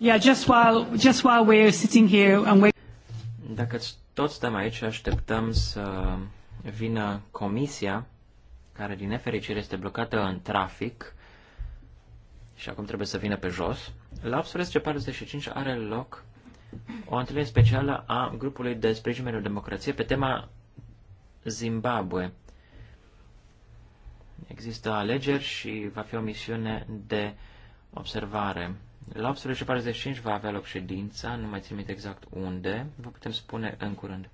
Yeah, just while, just while we're sitting here and we... Dacă toți stăm aici, așteptăm să vină comisia, care din nefericire este blocată în trafic și acum trebuie să vină pe jos. La 18.45 are loc o întâlnire specială a grupului de sprijin pentru democrație pe tema Zimbabwe. Există alegeri și va fi o misiune de observare. La 18.45 va avea loc ședința, nu mai țin exact unde, vă putem spune în curând.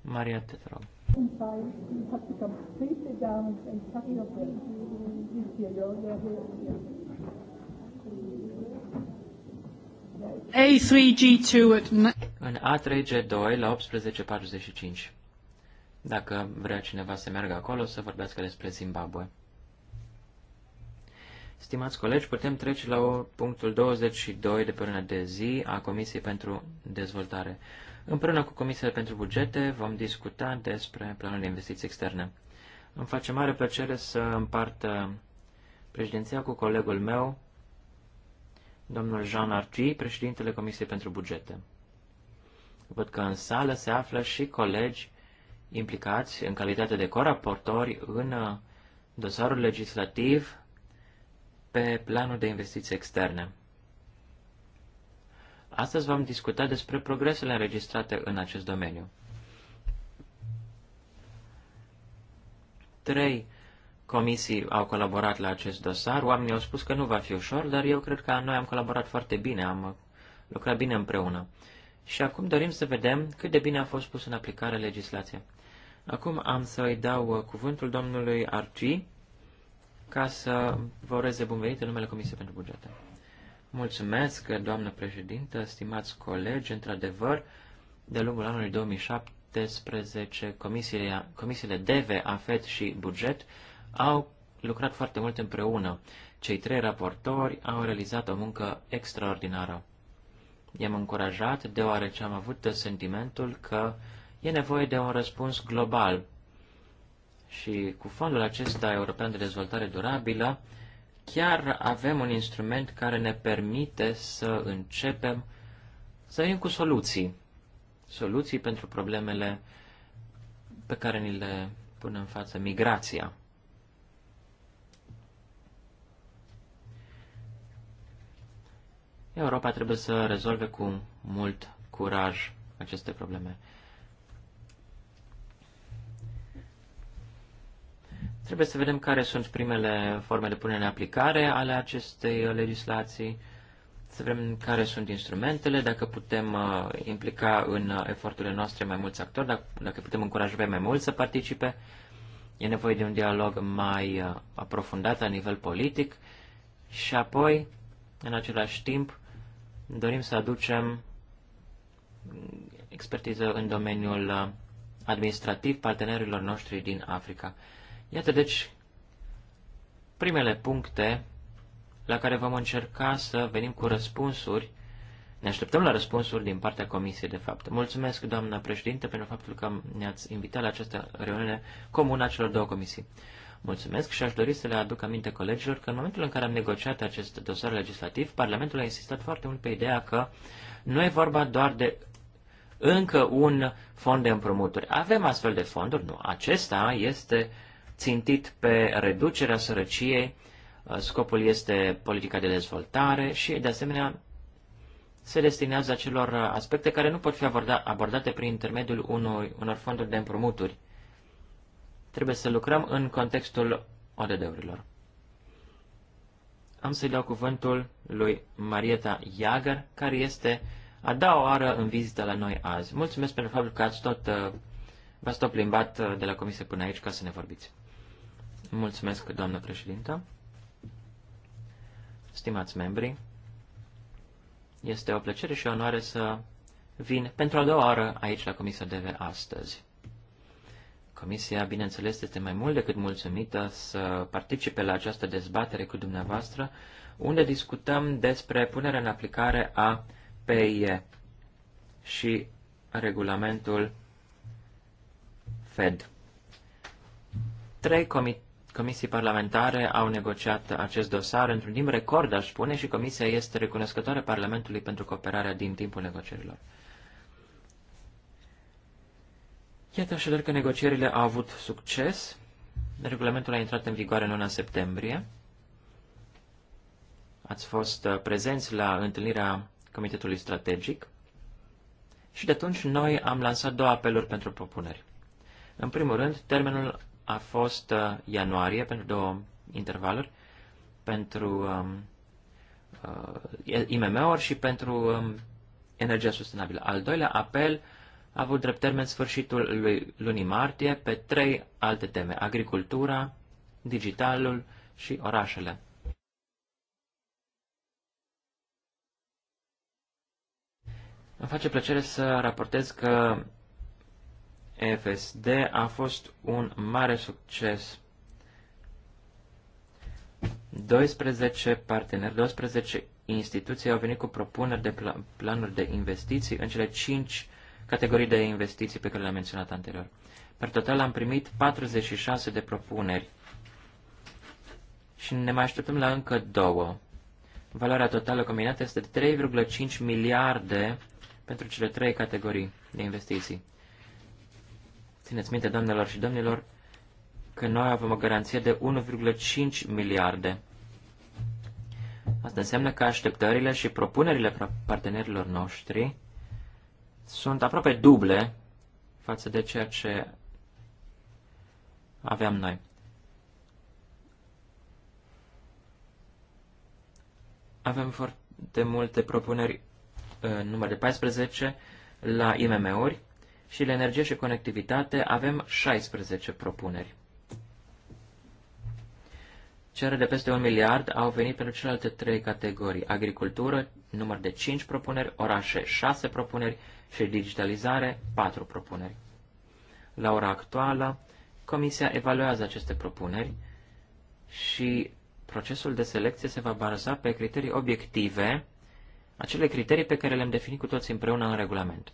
Maria, te rog. A3G2 at... În A3G2 la 18.45. Dacă vrea cineva să meargă acolo, să vorbească despre Zimbabwe. Stimați colegi, putem trece la punctul 22 de pe de zi a Comisiei pentru Dezvoltare. Împreună cu Comisia pentru Bugete vom discuta despre planul de investiții externe. Îmi face mare plăcere să împartă președinția cu colegul meu, domnul Jean Arti, președintele Comisiei pentru Bugete. Văd că în sală se află și colegi implicați în calitate de coraportori în uh, dosarul legislativ pe planul de investiții externe. Astăzi vom discuta despre progresele înregistrate în acest domeniu. 3 comisii au colaborat la acest dosar. Oamenii au spus că nu va fi ușor, dar eu cred că noi am colaborat foarte bine, am lucrat bine împreună. Și acum dorim să vedem cât de bine a fost pus în aplicare legislația. Acum am să-i dau uh, cuvântul domnului Arci ca să vă ureze bun venit în numele Comisiei pentru Bugete. Mulțumesc, doamnă președintă, stimați colegi, într-adevăr, de lungul anului 2017, comisiile, comisiile DEVE, AFET și Buget au lucrat foarte mult împreună. Cei trei raportori au realizat o muncă extraordinară. I-am încurajat deoarece am avut sentimentul că uh, E nevoie de un răspuns global. Și cu fondul acesta european de dezvoltare durabilă, chiar avem un instrument care ne permite să începem să venim cu soluții. Soluții pentru problemele pe care ni le pun în față migrația. Europa trebuie să rezolve cu mult curaj aceste probleme. Trebuie să vedem care sunt primele forme de punere în aplicare ale acestei uh, legislații, să vedem care sunt instrumentele, dacă putem uh, implica în uh, eforturile noastre mai mulți actori, dacă putem încuraja pe mai mulți să participe. E nevoie de un dialog mai aprofundat la nivel politic și apoi, în același timp, dorim să aducem expertiză în domeniul administrativ partenerilor noștri din Africa. Iată deci primele puncte la care vom încerca să venim cu răspunsuri. Ne așteptăm la răspunsuri din partea Comisiei, de fapt. Mulțumesc, doamna președinte, pentru faptul că ne-ați invitat la această reuniune comună a celor două comisii. Mulțumesc și aș dori să le aduc aminte colegilor că în momentul în care am negociat acest dosar legislativ, Parlamentul a insistat foarte mult pe ideea că nu e vorba doar de încă un fond de împrumuturi. Avem astfel de fonduri, nu. Acesta este uh, țintit pe reducerea sărăciei, uh, scopul este politica de dezvoltare și, de asemenea, se destinează acelor uh, aspecte care nu pot fi abordate prin intermediul unui, unor fonduri de împrumuturi. Trebuie să lucrăm în contextul ODD-urilor. Am să-i dau cuvântul lui Marieta Iagăr, care este a doua oară în vizită la noi azi. Mulțumesc pentru faptul că ați tot, uh, v-ați tot plimbat de la comisie până aici ca să ne vorbiți. Mulțumesc, doamnă președintă. Stimați membri, este o plăcere și o onoare să vin pentru a doua oară aici la Comisia DV astăzi. Comisia, bineînțeles, este mai mult decât mulțumită să participe la această dezbatere cu dumneavoastră, unde discutăm despre punerea în aplicare a PIE și regulamentul FED. Trei, comi- comisii parlamentare au negociat acest dosar într-un timp record, aș spune, și comisia este recunoscătoare Parlamentului pentru cooperarea din timpul negocierilor. Iată așadar că negocierile au avut succes. Regulamentul a intrat în vigoare în luna septembrie. Ați fost uh, prezenți la întâlnirea Comitetului Strategic și de atunci noi am lansat două apeluri pentru propuneri. În primul rând, termenul a fost uh, ianuarie pentru două intervaluri, pentru um, uh, IMM-uri și pentru um, energia sustenabilă. Al doilea apel a avut drept termen sfârșitul lui lunii martie pe trei alte teme, agricultura, digitalul și orașele. Îmi face plăcere să raportez că FSD a fost un mare succes. 12 parteneri, 12 instituții au venit cu propuneri de pl planuri de investiții în cele 5 categorii de investiții pe care le-am menționat anterior. Per total am primit 46 de propuneri și ne mai așteptăm la încă două. Valoarea totală combinată este de 3,5 miliarde pentru cele trei categorii de investiții. Țineți minte, doamnelor și domnilor, că noi avem o garanție de 1,5 miliarde. Asta înseamnă că așteptările și propunerile partenerilor noștri sunt aproape duble față de ceea ce aveam noi. Avem foarte multe propuneri uh, număr de 14 la IMM-uri, și la energie și conectivitate avem 16 propuneri. Cere de peste un miliard au venit pentru celelalte trei categorii, agricultură, număr de 5 propuneri, orașe 6 propuneri și digitalizare 4 propuneri. La ora actuală, Comisia evaluează aceste propuneri și procesul de selecție se va baza pe criterii obiective, acele criterii pe care le-am definit cu toți împreună în regulament.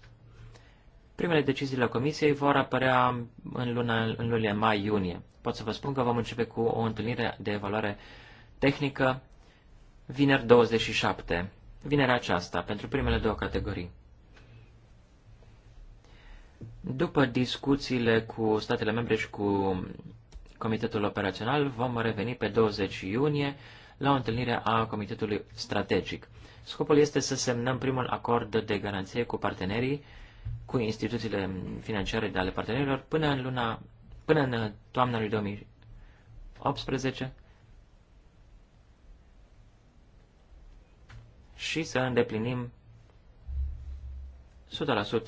Primele deciziile Comisiei vor apărea în, luna, în lunile mai-iunie. Pot să vă spun că vom începe cu o întâlnire de evaluare tehnică vineri 27, vinerea aceasta, pentru primele două categorii. După discuțiile cu statele membre și cu Comitetul Operațional, vom reveni pe 20 iunie la o întâlnire a Comitetului Strategic. Scopul este să semnăm primul acord de garanție cu partenerii cu instituțiile financiare de ale partenerilor până în luna, până în toamna lui 2018 și să îndeplinim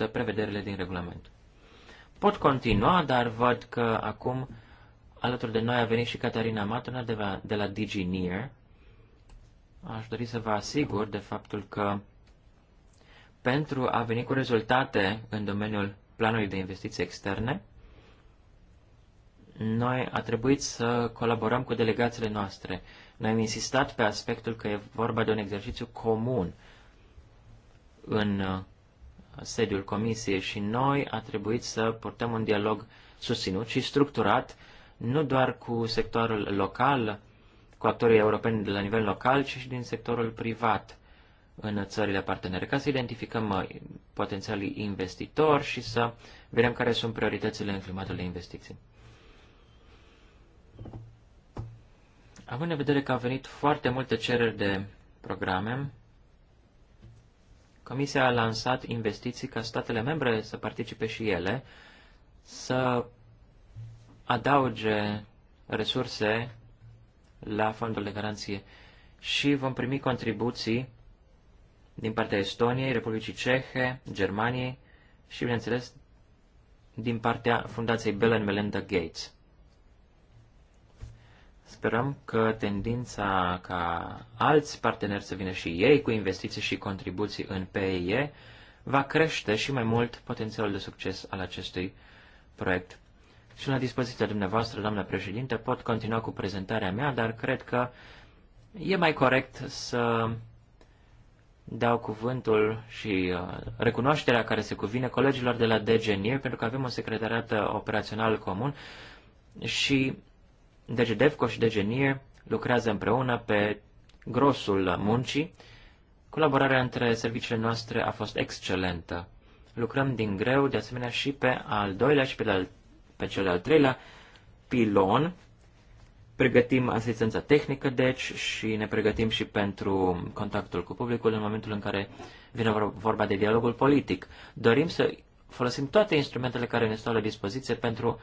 100% prevederile din regulament. Pot continua, dar văd că acum alături de noi a venit și Catarina Matona de la, de la DigiNear. Aș dori să vă asigur de faptul că pentru a veni cu rezultate în domeniul planului de investiții externe, noi a trebuit să colaborăm cu delegațiile noastre. Noi am insistat pe aspectul că e vorba de un exercițiu comun în uh, sediul comisiei și noi a trebuit să purtăm un dialog susținut și structurat, nu doar cu sectorul local, cu actorii europeni de la nivel local, ci și din sectorul privat în țările partenere, ca să identificăm uh, potențialii investitori și să vedem care sunt prioritățile în climatul de investiții. Având în vedere că au venit foarte multe cereri de programe, Comisia a lansat investiții ca statele membre să participe și ele, să adauge resurse la fondul de garanție și vom primi contribuții din partea Estoniei, Republicii Cehe, Germaniei și, bineînțeles, din partea Fundației Bill and Melinda Gates. Sperăm că tendința ca alți parteneri să vină și ei cu investiții și contribuții în PEE va crește și mai mult potențialul de succes al acestui proiect. Și la dispoziția dumneavoastră, doamnă președinte, pot continua cu prezentarea mea, dar cred că e mai corect să dau cuvântul și uh, recunoașterea care se cuvine colegilor de la DGNIR, pentru că avem o secretariat uh, operațional comun și DGDEFCO și DGNIR lucrează împreună pe grosul muncii. Colaborarea între serviciile noastre a fost excelentă. Lucrăm din greu, de asemenea, și pe al doilea și pe, al, pe cel al treilea pilon, pregătim asistența tehnică, deci, și ne pregătim și pentru contactul cu publicul în momentul în care vine vorba de dialogul politic. Dorim să folosim toate instrumentele care ne stau la dispoziție pentru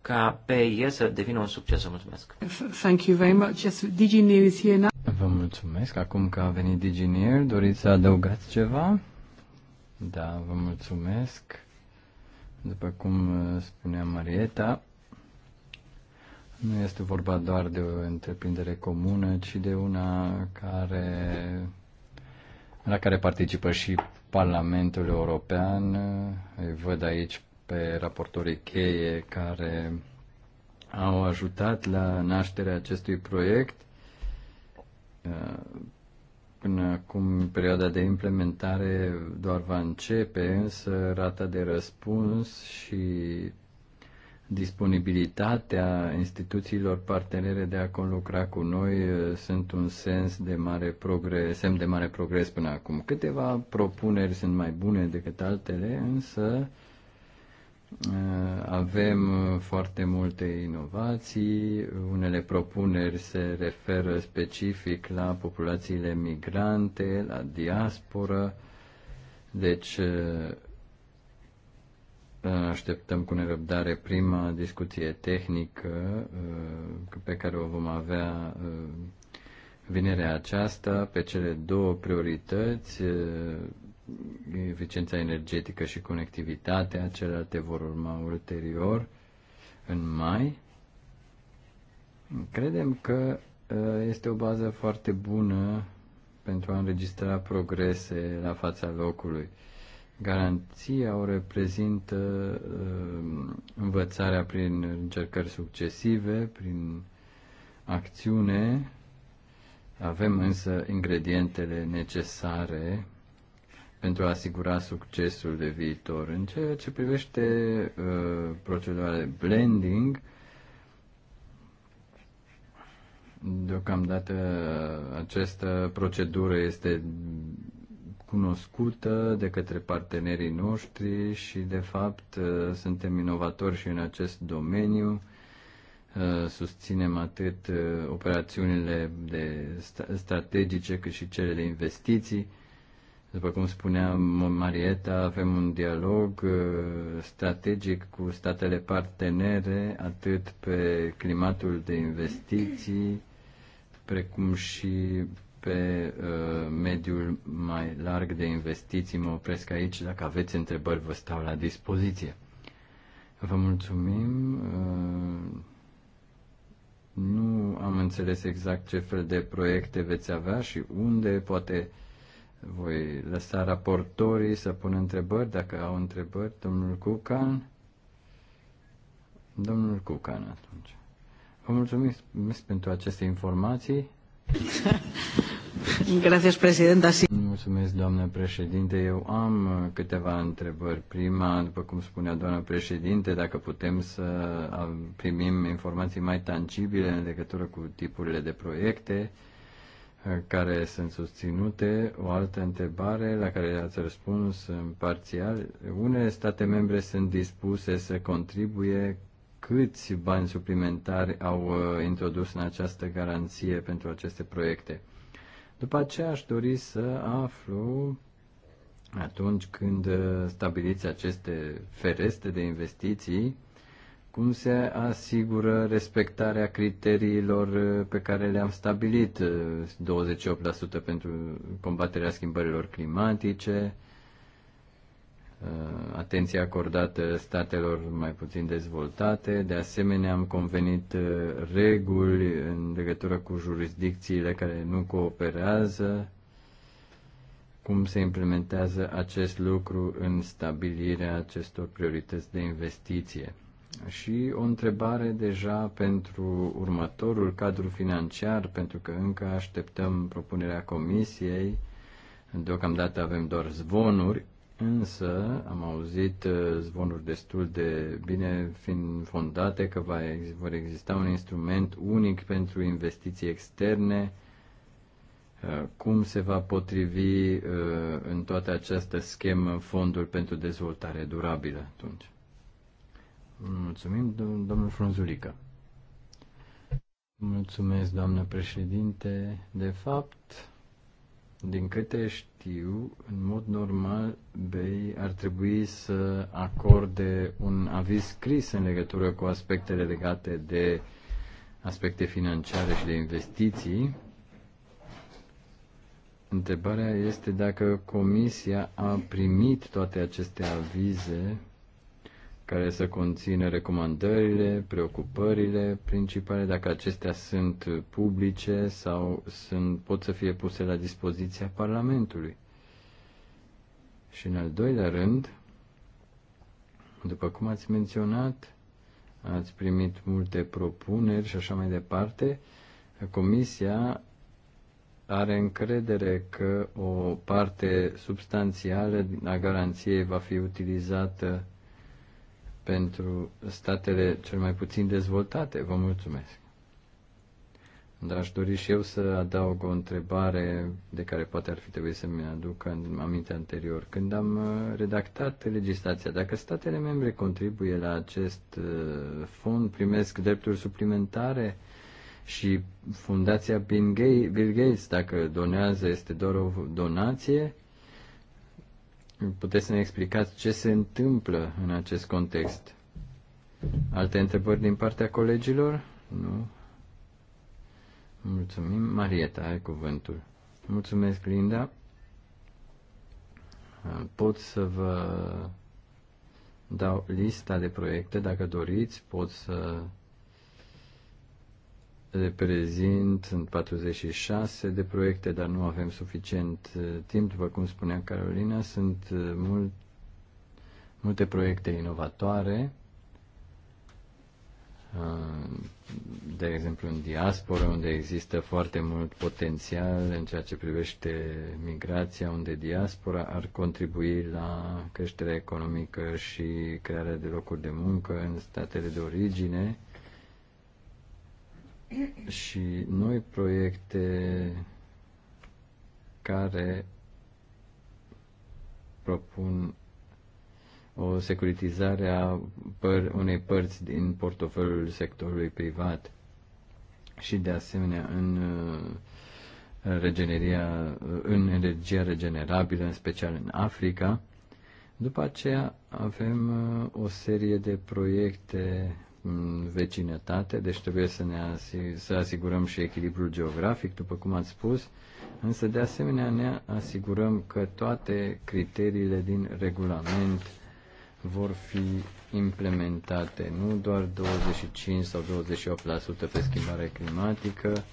ca PIE să devină un succes. Vă mulțumesc! Thank you very much. Yes, DigiNear is here now. Vă mulțumesc. Acum că a venit DigiNear, doriți să adăugați ceva? Da, vă mulțumesc. După cum uh, spunea Marieta, nu este vorba doar de o întreprindere comună, ci de una care, la care participă și Parlamentul European. Îi văd aici pe raportorii cheie care au ajutat la nașterea acestui proiect. Până acum perioada de implementare doar va începe, însă rata de răspuns și disponibilitatea instituțiilor partenere de a conlucra cu noi uh, sunt un sens de mare progres, semn de mare progres până acum. Câteva propuneri sunt mai bune decât altele, însă uh, avem foarte multe inovații, unele propuneri se referă specific la populațiile migrante, la diaspora, deci uh, Așteptăm cu nerăbdare prima discuție tehnică uh, pe care o vom avea uh, vinerea aceasta pe cele două priorități, uh, eficiența energetică și conectivitatea, celelalte vor urma ulterior în mai. Credem că este o bază foarte bună pentru a înregistra progrese la fața locului. Garanția o reprezintă uh, învățarea prin încercări succesive, prin acțiune. Avem însă ingredientele necesare pentru a asigura succesul de viitor. În ceea ce privește uh, procedura de blending, deocamdată uh, această procedură este cunoscută de către partenerii noștri și, de fapt, uh, suntem inovatori și în acest domeniu. Uh, susținem atât uh, operațiunile de strategice cât și cele de investiții. După cum spunea Marieta, avem un dialog strategic cu statele partenere, atât pe climatul de investiții, precum și pe uh, mediul mai larg de investiții. Mă opresc aici. Dacă aveți întrebări, vă stau la dispoziție. Vă mulțumim. Uh, nu am înțeles exact ce fel de proiecte veți avea și unde. Poate voi lăsa raportorii să pună întrebări, dacă au întrebări. Domnul Cucan. Domnul Cucan atunci. Vă mulțumim pentru aceste informații. Gracias, Mulțumesc, doamnă președinte. Eu am uh, câteva întrebări. Prima, după cum spunea doamna președinte, dacă putem să uh, primim informații mai tangibile în legătură cu tipurile de proiecte uh, care sunt susținute. O altă întrebare la care ați răspuns în parțial. Unele state membre sunt dispuse să contribuie câți bani suplimentari au introdus în această garanție pentru aceste proiecte? După aceea aș dori să aflu atunci când uh, stabiliți aceste fereste de investiții, cum se asigură respectarea criteriilor uh, pe care le-am stabilit, 28% uh, pentru combaterea schimbărilor climatice, Uh, atenție acordată statelor mai puțin dezvoltate. De asemenea, am convenit uh, reguli în legătură cu jurisdicțiile care nu cooperează, cum se implementează acest lucru în stabilirea acestor priorități de investiție. Și o întrebare deja pentru următorul cadru financiar, pentru că încă așteptăm propunerea Comisiei. Deocamdată avem doar zvonuri Însă am auzit uh, zvonuri destul de bine fiind fondate că va, vor exista un instrument unic pentru investiții externe. Uh, cum se va potrivi uh, în toată această schemă fondul pentru dezvoltare durabilă atunci? Mulțumim, domnul Frunzulică. Mulțumesc, doamnă președinte. De fapt, din câte știu, știu, în mod normal, BEI ar trebui să acorde un aviz scris în legătură cu aspectele legate de aspecte financiare și de investiții. Întrebarea este dacă Comisia a primit toate aceste avize care să conțină recomandările, preocupările principale, dacă acestea sunt publice sau sunt, pot să fie puse la dispoziția Parlamentului. Și în al doilea rând, după cum ați menționat, ați primit multe propuneri și așa mai departe, Comisia are încredere că o parte substanțială a garanției va fi utilizată pentru statele cel mai puțin dezvoltate. Vă mulțumesc. Dar aș dori și eu să adaug o întrebare de care poate ar fi trebuit să-mi aduc în aminte anterior. Când am uh, redactat legislația, dacă statele membre contribuie la acest uh, fond, primesc drepturi suplimentare și fundația Bill Gates, dacă donează, este doar o donație, Puteți să ne explicați ce se întâmplă în acest context? Alte întrebări din partea colegilor? Nu? Mulțumim. Marieta, ai cuvântul. Mulțumesc, Linda. Pot să vă dau lista de proiecte dacă doriți, pot să prezint, sunt 46 de proiecte, dar nu avem suficient uh, timp, după cum spunea Carolina, sunt uh, mult, multe proiecte inovatoare, uh, de exemplu în diaspora unde există foarte mult potențial în ceea ce privește migrația, unde diaspora ar contribui la creșterea economică și crearea de locuri de muncă în statele de origine, și noi proiecte care propun o securitizare a păr- unei părți din portofelul sectorului privat și de asemenea în uh, regeneria, în energia regenerabilă, în special în Africa. După aceea avem uh, o serie de proiecte vecinătate, deci trebuie să ne asig- să asigurăm și echilibrul geografic, după cum ați spus, însă de asemenea ne asigurăm că toate criteriile din regulament vor fi implementate, nu doar 25 sau 28% pe schimbare climatică,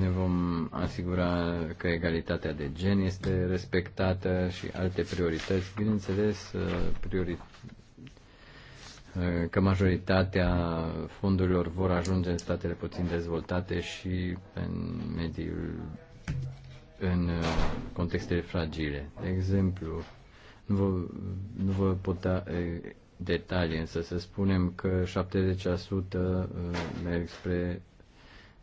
ne vom asigura că egalitatea de gen este respectată și alte priorități, bineînțeles, priori, Eh, că majoritatea fondurilor vor ajunge în statele puțin dezvoltate și în mediul în eh, contextele fragile. De exemplu, nu vă, nu vă pot da eh, detalii, însă să spunem că 70% merg spre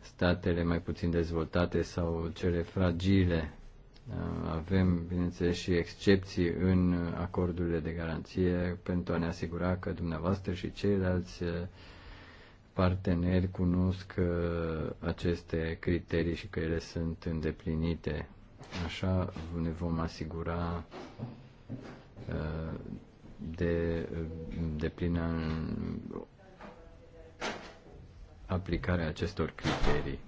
statele mai puțin dezvoltate sau cele fragile avem, bineînțeles, și excepții în acordurile de garanție pentru a ne asigura că dumneavoastră și ceilalți uh, parteneri cunosc uh, aceste criterii și că ele sunt îndeplinite. Așa ne vom asigura uh, de, de plină aplicarea acestor criterii.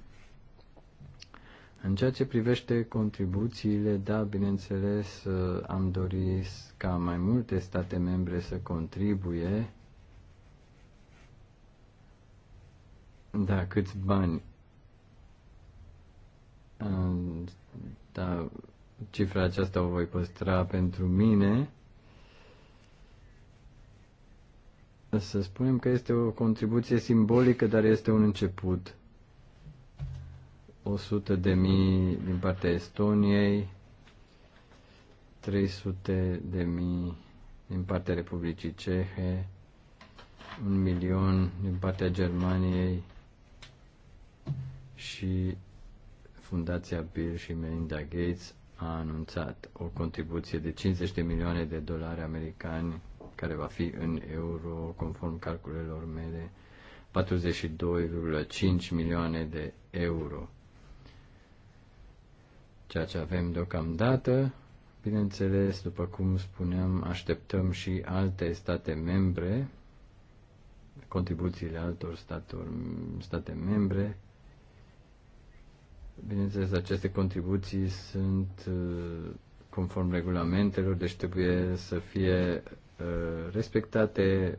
În ceea ce privește contribuțiile, da, bineînțeles, uh, am dorit ca mai multe state membre să contribuie. Da, câți bani? Uh, da, cifra aceasta o voi păstra pentru mine. Să spunem că este o contribuție simbolică, dar este un început. 100 de mii din partea Estoniei, 300 de mii din partea Republicii Cehe, un milion din partea Germaniei și Fundația Bill și Melinda Gates a anunțat o contribuție de 50 de milioane de dolari americani care va fi în euro, conform calculelor mele, 42,5 milioane de euro ceea ce avem deocamdată. Bineînțeles, după cum spuneam, așteptăm și alte state membre, contribuțiile altor stator, state membre. Bineînțeles, aceste contribuții sunt uh, conform regulamentelor, deci trebuie să fie uh, respectate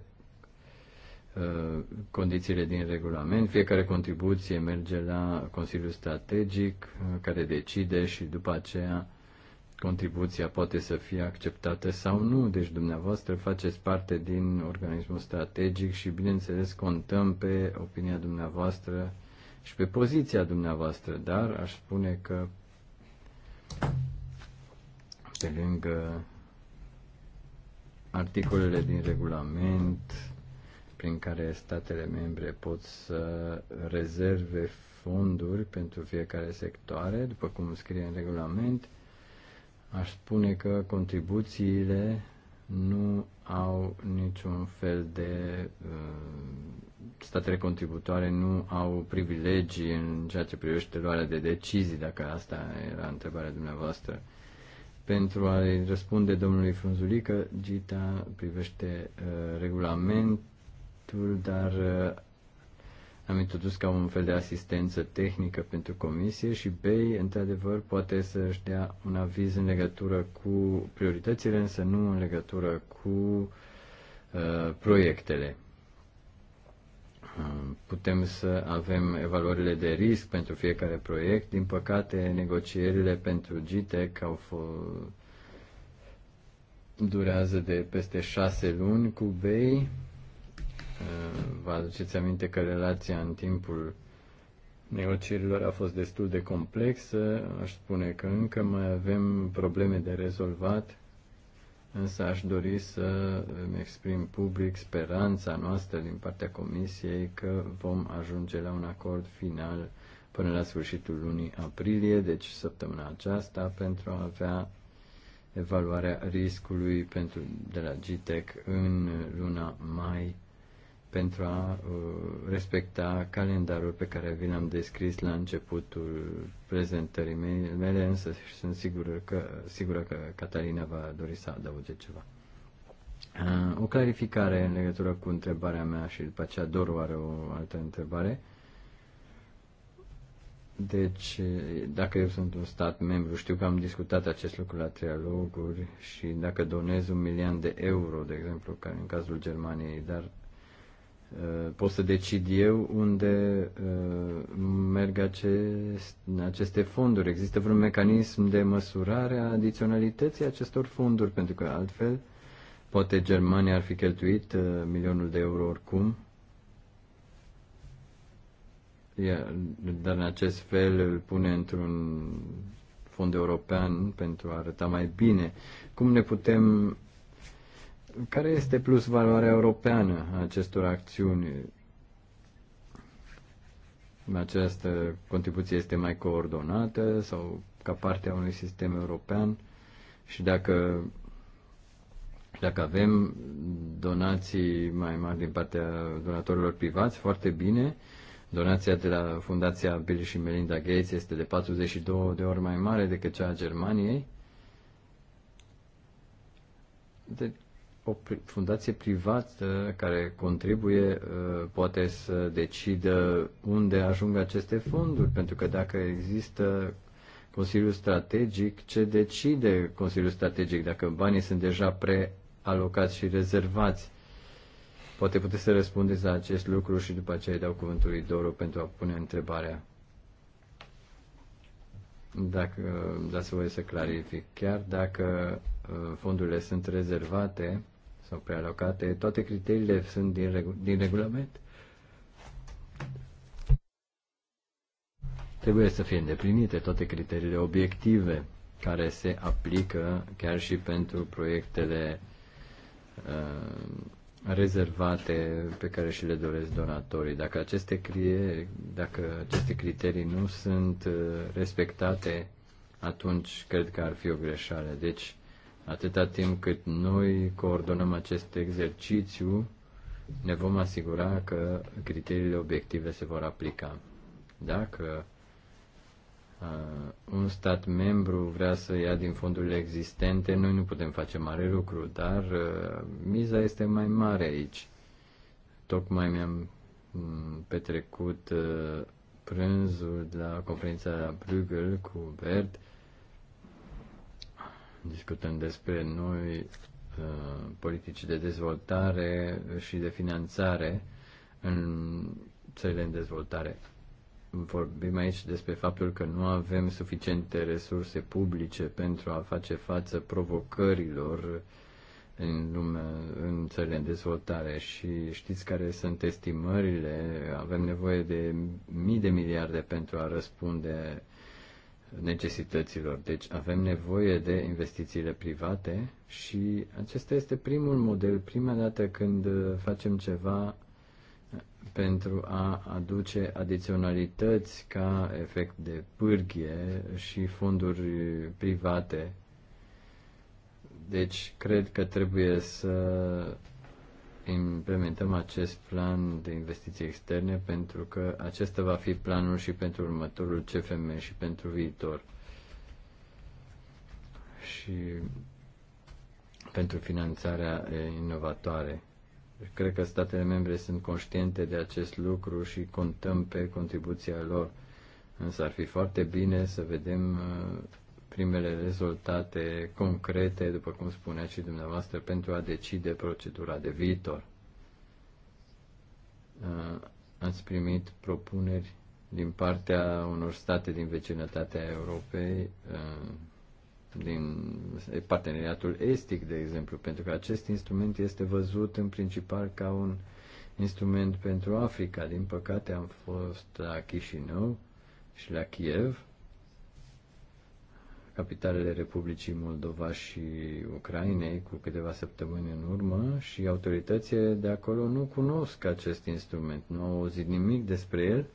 Uh, condițiile din regulament. Fiecare contribuție merge la Consiliul Strategic uh, care decide și după aceea contribuția poate să fie acceptată sau nu. Deci dumneavoastră faceți parte din organismul strategic și bineînțeles contăm pe opinia dumneavoastră și pe poziția dumneavoastră, dar aș spune că pe lângă articolele din regulament, prin care statele membre pot să rezerve fonduri pentru fiecare sectoare, după cum scrie în regulament, aș spune că contribuțiile nu au niciun fel de. Uh, statele contributoare nu au privilegii în ceea ce privește luarea de decizii, dacă asta era întrebarea dumneavoastră. Pentru a răspunde domnului Frunzulică, Gita privește uh, regulament, proiectul, dar uh, am introdus ca un fel de asistență tehnică pentru comisie și BEI, într-adevăr, poate să-și dea un aviz în legătură cu prioritățile, însă nu în legătură cu uh, proiectele. Uh, putem să avem evaluările de risc pentru fiecare proiect. Din păcate, negocierile pentru GTEC au f- durează de peste șase luni cu BEI vă aduceți aminte că relația în timpul negocierilor a fost destul de complexă. Aș spune că încă mai avem probleme de rezolvat, însă aș dori să îmi exprim public speranța noastră din partea Comisiei că vom ajunge la un acord final până la sfârșitul lunii aprilie, deci săptămâna aceasta, pentru a avea evaluarea riscului pentru, de la GTEC în luna mai pentru a uh, respecta calendarul pe care vi l-am descris la începutul prezentării mele, însă sunt sigur că, sigură că Catalina va dori să adauge ceva. Uh, o clarificare în legătură cu întrebarea mea și după aceea Doru are o altă întrebare. Deci, dacă eu sunt un stat membru, știu că am discutat acest lucru la trialoguri și dacă donez un milion de euro, de exemplu, ca în cazul Germaniei, dar Eh, pot să decid eu unde eh, merg acest, aceste fonduri. Există vreun mecanism de măsurare a adiționalității acestor fonduri, pentru că altfel poate Germania ar fi cheltuit eh, milionul de euro oricum. dar în acest fel îl pune într-un fond european pentru a arăta mai bine. Cum ne putem care este plus valoarea europeană a acestor acțiuni? Această contribuție este mai coordonată sau ca parte a unui sistem european? Și dacă, dacă avem donații mai mari din partea donatorilor privați, foarte bine. Donația de la Fundația Bill și Melinda Gates este de 42 de ori mai mare decât cea a Germaniei. De, deci, o fundație privată care contribuie uh, poate să decidă unde ajung aceste fonduri, pentru că dacă există Consiliul Strategic, ce decide Consiliul Strategic dacă banii sunt deja prealocați și rezervați? Poate puteți să răspundeți la acest lucru și după aceea îi dau cuvântul lui Doru pentru a pune întrebarea. Dacă dați voie să clarific, chiar dacă uh, fondurile sunt rezervate, sau prealocate. Toate criteriile sunt din, reg- din regulament. Trebuie să fie îndeplinite toate criteriile obiective care se aplică chiar și pentru proiectele uh, rezervate pe care și le doresc donatorii. Dacă aceste, crie, dacă aceste criterii nu sunt uh, respectate, atunci cred că ar fi o greșeală. Deci Atâta timp cât noi coordonăm acest exercițiu, ne vom asigura că criteriile obiective se vor aplica. Dacă un stat membru vrea să ia din fondurile existente, noi nu putem face mare lucru, dar miza este mai mare aici. Tocmai mi-am petrecut prânzul la conferința la Bruegel cu Bert Discutăm despre noi uh, politici de dezvoltare și de finanțare în țările în dezvoltare. Vorbim aici despre faptul că nu avem suficiente resurse publice pentru a face față provocărilor în, lume, în țările în dezvoltare și știți care sunt estimările, avem nevoie de mii de miliarde pentru a răspunde necesităților. Deci avem nevoie de investițiile private și acesta este primul model, prima dată când uh, facem ceva uh, pentru a aduce adiționalități ca efect de pârghie și fonduri uh, private. Deci cred că trebuie să implementăm acest plan de investiții externe pentru că acesta va fi planul și pentru următorul CFM și pentru viitor. Și pentru finanțarea inovatoare. Cred că statele membre sunt conștiente de acest lucru și contăm pe contribuția lor. Însă ar fi foarte bine să vedem primele rezultate concrete, după cum spunea și dumneavoastră, pentru a decide procedura de viitor. Uh, ați primit propuneri din partea unor state din vecinătatea Europei, uh, din parteneriatul estic, de exemplu, pentru că acest instrument este văzut în principal ca un instrument pentru Africa. Din păcate am fost la Chișinău și la Kiev capitalele Republicii Moldova și Ucrainei cu câteva săptămâni în urmă și autoritățile de acolo nu cunosc acest instrument, nu au auzit nimic despre el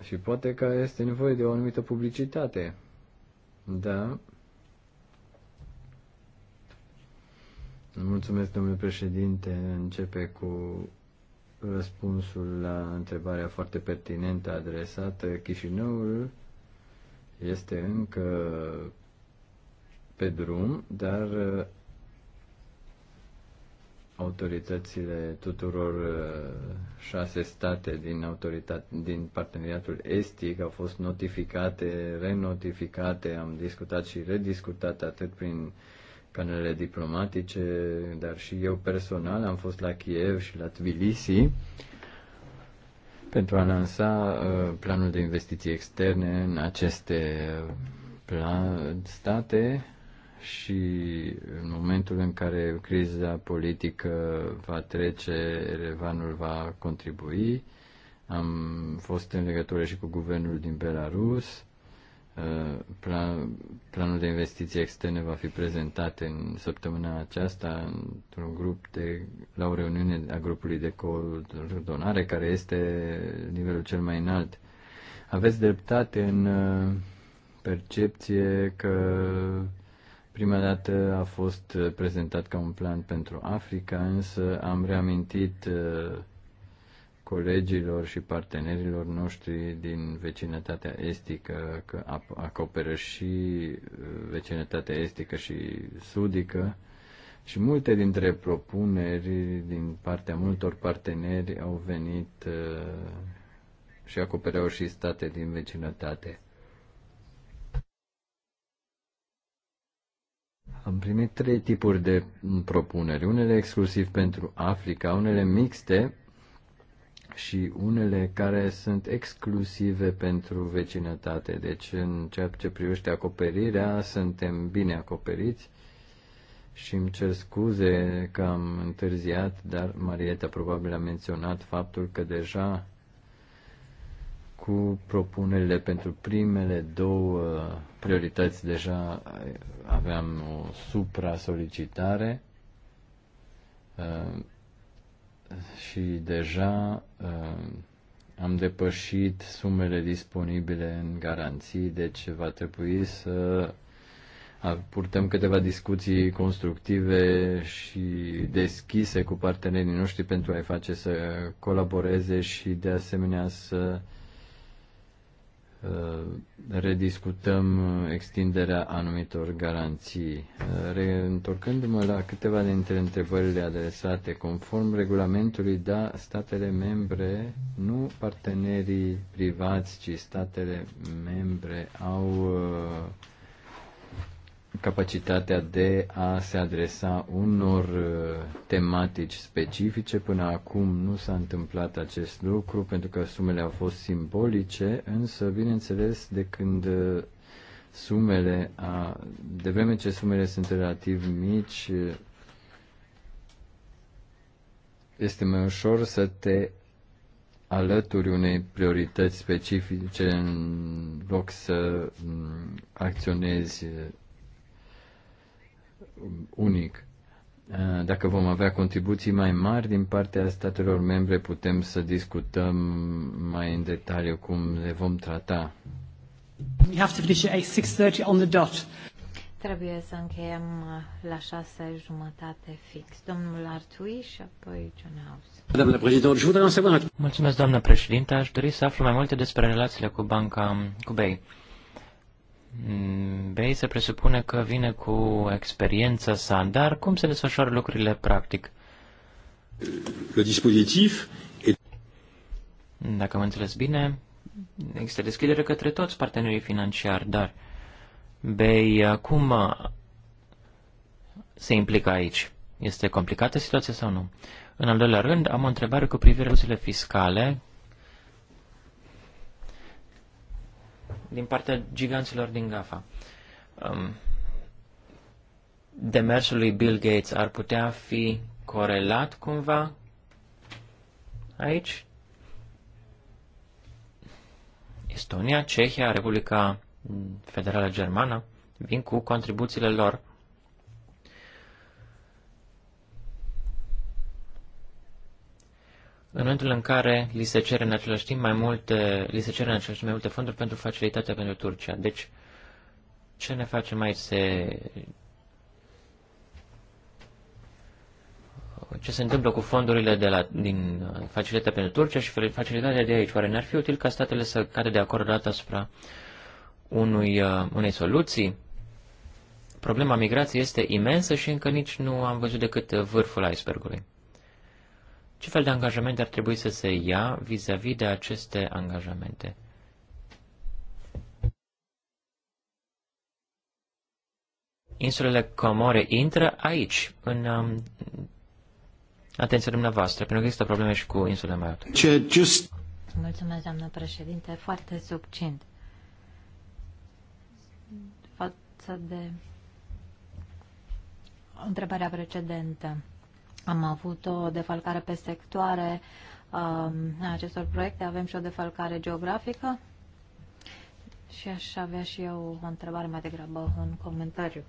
și poate că este nevoie de o anumită publicitate. Da. Mulțumesc, domnule președinte. Începe cu răspunsul la întrebarea foarte pertinentă adresată Chișinăului este încă pe drum, dar uh, autoritățile tuturor uh, șase state din, din parteneriatul estic au fost notificate, renotificate, am discutat și rediscutat atât prin canalele diplomatice, dar și eu personal am fost la Kiev și la Tbilisi pentru a lansa uh, planul de investiții externe în aceste uh, state și în momentul în care criza politică va trece, Revanul va contribui. Am fost în legătură și cu guvernul din Belarus Uh, planul de investiții externe va fi prezentat în săptămâna aceasta într-un grup de, la o reuniune a grupului de coordonare care este nivelul cel mai înalt. Aveți dreptate în uh, percepție că prima dată a fost prezentat ca un plan pentru Africa, însă am reamintit uh, colegilor și partenerilor noștri din vecinătatea estică, că acoperă și uh, vecinătatea estică și sudică. Și multe dintre propuneri din partea multor parteneri au venit uh, și acopereau și state din vecinătate. Am primit trei tipuri de propuneri, unele exclusiv pentru Africa, unele mixte și unele care sunt exclusive pentru vecinătate. Deci, în ceea ce privește acoperirea, suntem bine acoperiți și îmi cer scuze că am întârziat, dar Marieta probabil a menționat faptul că deja cu propunerile pentru primele două priorități deja aveam o supra-solicitare și deja uh, am depășit sumele disponibile în garanții, deci va trebui să purtăm câteva discuții constructive și deschise cu partenerii noștri pentru a-i face să colaboreze și de asemenea să Uh, rediscutăm extinderea anumitor garanții. Uh, Întorcându-mă la câteva dintre întrebările adresate, conform regulamentului, da, statele membre, nu partenerii privați, ci statele membre au uh, capacitatea de a se adresa unor uh, tematici specifice. Până acum nu s-a întâmplat acest lucru pentru că sumele au fost simbolice, însă, bineînțeles, de când uh, sumele, a, de vreme ce sumele sunt relativ mici, uh, este mai ușor să te alături unei priorități specifice în loc să mm, acționezi unic. Uh, dacă vom avea contribuții mai mari din partea statelor membre, putem să discutăm mai în detaliu cum le vom trata. We have to finish at 6.30 on the dot. Trebuie să încheiem uh, la șase jumătate fix. Domnul Artui și apoi John House. președinte, Mulțumesc, doamnă președinte. Aș dori să aflu mai multe despre relațiile cu Banca Cubei. BEI se presupune că vine cu experiența sa, dar cum se desfășoară lucrurile practic? Le dispozitiv e... Dacă am înțeles bine, există deschidere către toți partenerii financiari, dar BEI acum se implică aici? Este complicată situația sau nu? În al doilea rând, am o întrebare cu privire la fiscale din partea giganților din GAFA. Um, demersul lui Bill Gates ar putea fi corelat cumva aici? Estonia, Cehia, Republica Federală Germană vin cu contribuțiile lor În momentul în care li se cere în același timp mai multe, li se cere în același timp mai multe fonduri pentru facilitatea pentru Turcia. Deci, ce ne facem mai Se... Ce se întâmplă cu fondurile de la, din facilitatea pentru Turcia și facilitatea de aici? Oare n-ar fi util ca statele să cadă de acord dată asupra unui, uh, unei soluții? Problema migrației este imensă și încă nici nu am văzut decât vârful icebergului. Ce fel de angajamente ar trebui să se ia vis-a-vis -vis de aceste angajamente? Insulele Comore intră aici, în um, atenția dumneavoastră, pentru că există probleme și cu insulele Maiotte. Ce, just... Mulțumesc, doamnă președinte, foarte succint. Față de întrebarea precedentă. Am avut o defalcare pe sectoare um, a acestor proiecte, avem și o defalcare geografică și aș avea și eu o întrebare mai degrabă, un comentariu.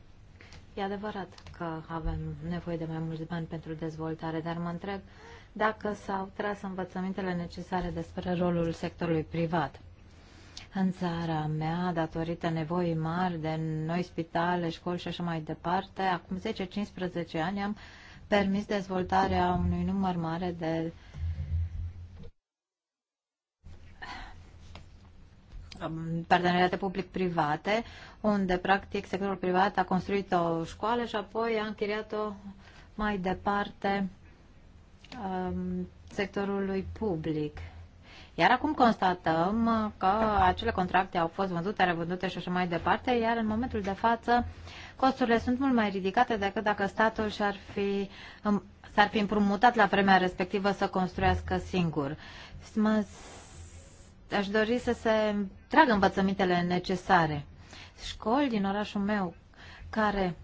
E adevărat că avem nevoie de mai mulți bani pentru dezvoltare, dar mă întreb dacă s-au tras învățămintele necesare despre rolul sectorului privat. În țara mea, datorită nevoii mari de noi spitale, școli și așa mai departe, acum 10-15 ani am uh, permis dezvoltarea unui număr mare de parteneriate public-private, unde practic sectorul privat a construit o școală și apoi a închiriat-o mai departe um, sectorului public. Iar acum constatăm că acele contracte au fost vândute, revândute și așa mai departe, iar în momentul de față costurile sunt mult mai ridicate decât dacă statul și-ar fi, s-ar fi împrumutat la vremea respectivă să construiască singur. Mă, aș dori să se tragă învățămintele necesare. Școli din orașul meu care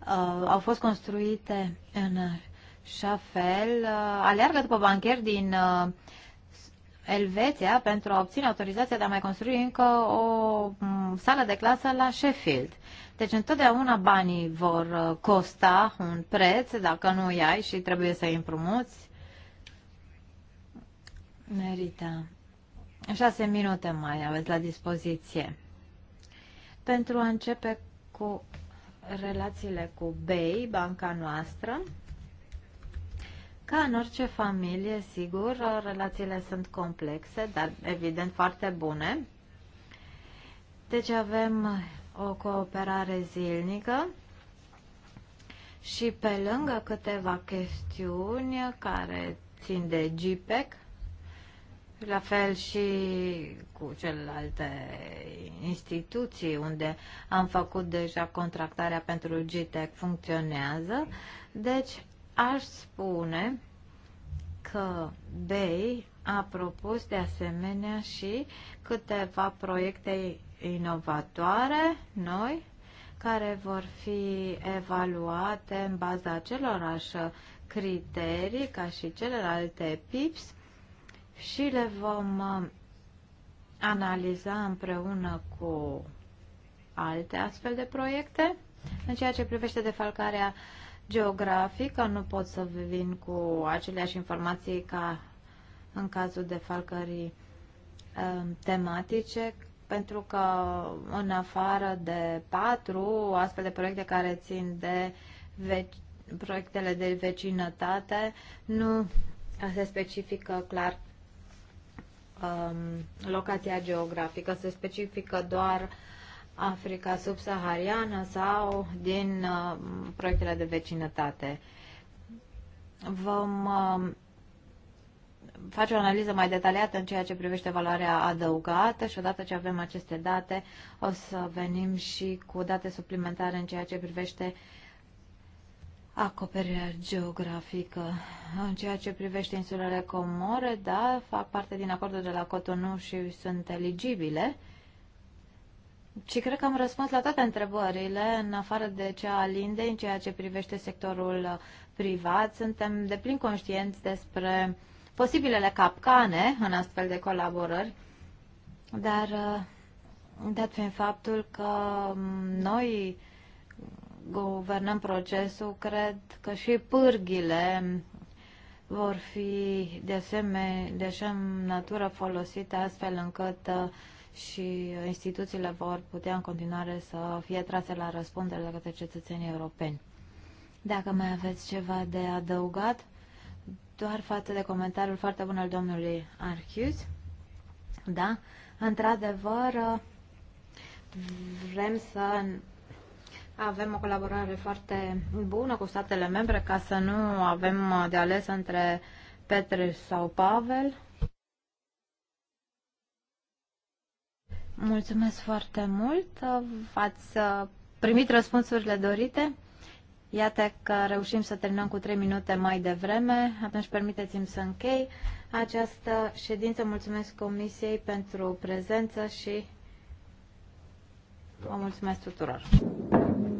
uh, au fost construite în Șafel uh, aleargă după bancheri din uh, Elveția pentru a obține autorizația de a mai construi încă o mm, sală de clasă la Sheffield. Deci întotdeauna banii vor uh, costa un preț dacă nu îi ai și trebuie să îi împrumuți. Merită. Șase minute mai aveți la dispoziție. Pentru a începe cu relațiile cu BEI, banca noastră, ca în orice familie, sigur, relațiile sunt complexe, dar evident foarte bune. Deci avem o cooperare zilnică și pe lângă câteva chestiuni care țin de GPEC, la fel și cu celelalte instituții unde am făcut deja contractarea pentru GTEC funcționează. Deci Aș spune că Bey a propus de asemenea și câteva proiecte inovatoare noi care vor fi evaluate în baza acelorași criterii ca și celelalte PIPS și le vom uh, analiza împreună cu alte astfel de proiecte. În ceea ce privește defalcarea uh, geografică, nu pot să vin cu aceleași informații ca în cazul defalcării um, tematice, pentru că în afară de patru astfel de proiecte care țin de proiectele de vecinătate, nu se specifică clar um, locația geografică, se specifică doar uh, Africa subsahariană sau din uh, proiectele de vecinătate. Vom um, face o analiză mai detaliată în ceea ce privește valoarea adăugată și odată ce avem aceste date o să venim și cu date suplimentare în ceea ce privește acoperirea geografică. În ceea ce privește insulele Comore, da, fac parte din acordul de la Cotonou și sunt eligibile și cred că am răspuns la toate întrebările, în afară de cea a Lindei, în ceea ce privește sectorul privat. Suntem de plin conștienți despre posibilele capcane în astfel de colaborări, dar uh, dat fiind faptul că um, noi guvernăm procesul, cred că și pârghile vor fi de asemenea, de asemenea natură folosite astfel încât uh, și instituțiile vor putea în continuare să fie trase la răspundere de către cetățenii europeni. Dacă mai aveți ceva de adăugat, doar față de comentariul foarte bun al domnului Archius, da, într-adevăr, vrem să avem o colaborare foarte bună cu statele membre ca să nu avem de ales între Petre sau Pavel. Mulțumesc foarte mult. Ați uh, primit răspunsurile dorite. Iată că reușim să terminăm cu 3 minute mai devreme. Atunci permiteți-mi să închei această ședință. Mulțumesc Comisiei pentru prezență și vă mulțumesc tuturor.